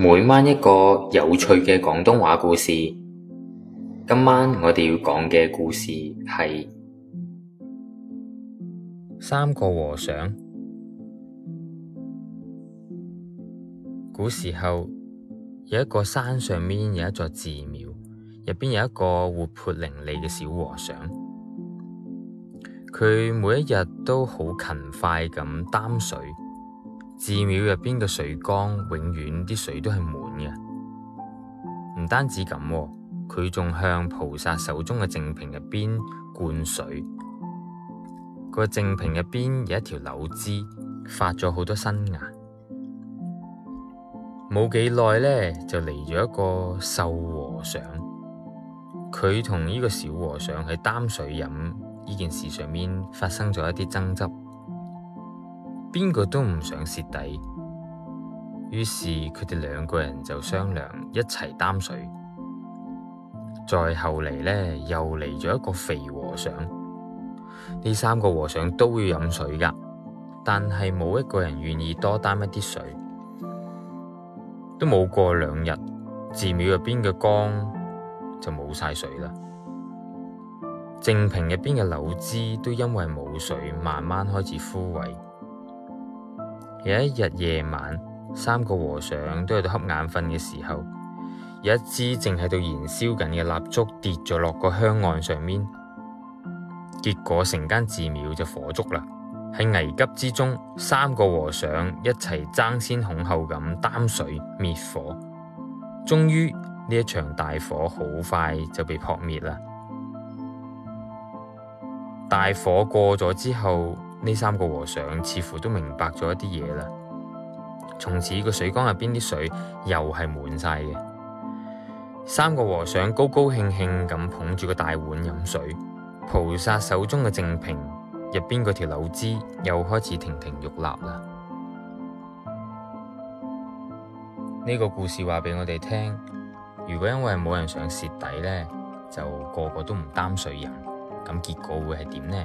每晚一個有趣嘅廣東話故事，今晚我哋要講嘅故事係三個和尚。古時候，有一個山上面有一座寺廟，入邊有一個活潑伶俐嘅小和尚，佢每一日都好勤快咁擔水。寺廟入邊嘅水缸永遠啲水都係滿嘅，唔單止咁喎，佢仲向菩薩手中嘅淨瓶入邊灌水。個淨瓶入邊有一條柳枝發咗好多新芽，冇幾耐呢，就嚟咗一個瘦和尚，佢同呢個小和尚喺擔水飲呢件事上面發生咗一啲爭執。邊個都唔想蝕底，於是佢哋兩個人就商量一齊擔水。再後嚟，呢，又嚟咗一個肥和尚，呢三個和尚都要飲水噶，但係冇一個人願意多擔一啲水，都冇過兩日，寺廟入邊嘅缸就冇晒水啦，淨瓶入邊嘅柳枝都因為冇水慢慢開始枯萎。有一日夜晚，三個和尚都喺度瞌眼瞓嘅時候，有一支正喺度燃燒緊嘅蠟燭跌咗落個香案上面，結果成間寺廟就火燭啦。喺危急之中，三個和尚一齊爭先恐後咁擔水滅火，終於呢一場大火好快就被撲滅啦。大火過咗之後。呢三個和尚似乎都明白咗一啲嘢啦。從此，個水缸入邊啲水又係滿晒嘅。三個和尚高高興興咁捧住個大碗飲水，菩薩手中嘅淨瓶入邊嗰條柳枝又開始亭亭玉立啦。呢、這個故事話俾我哋聽：，如果因為冇人想蝕底呢，就個個都唔擔水飲，咁結果會係點呢？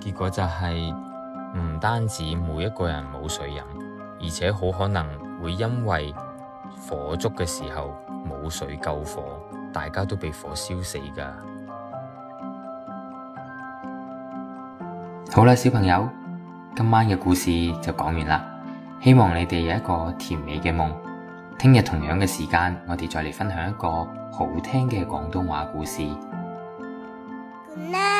結果就係唔單止每一個人冇水飲，而且好可能會因為火燭嘅時候冇水救火，大家都被火燒死噶。好啦，小朋友，今晚嘅故事就講完啦，希望你哋有一個甜美嘅夢。聽日同樣嘅時間，我哋再嚟分享一個好聽嘅廣東話故事。媽媽